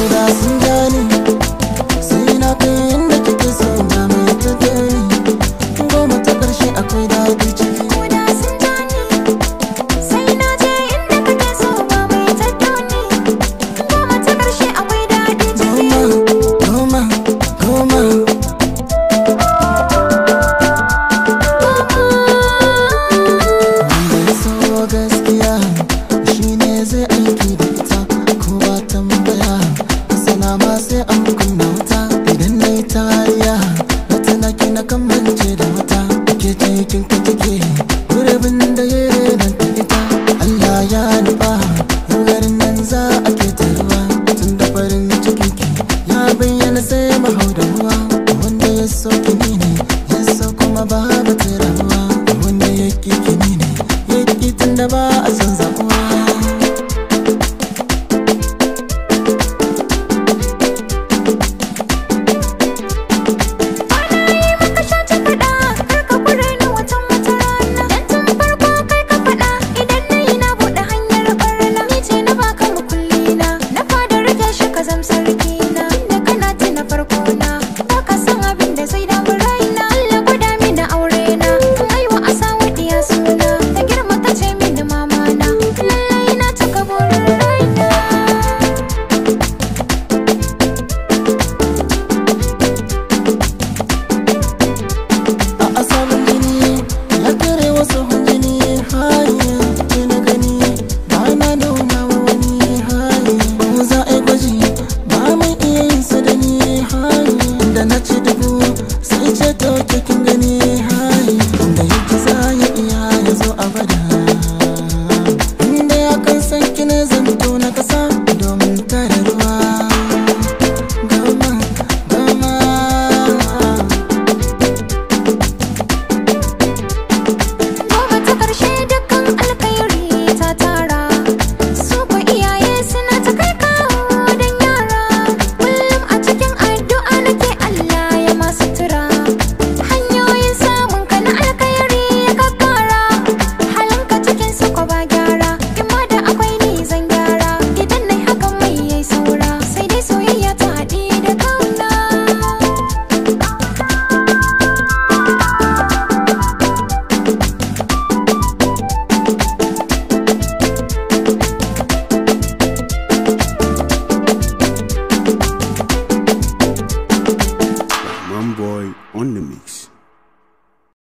I'm done. zan mance da wata ke ce kin ka kike gurbin da ya nan ta ita Allah ya nufa garin nan za a ke tarwa tun da farin ciki ki ya bayyana sai mahau da ruwa wanda ya so ki ne ya so kuma babu tirawa wanda ya kike ne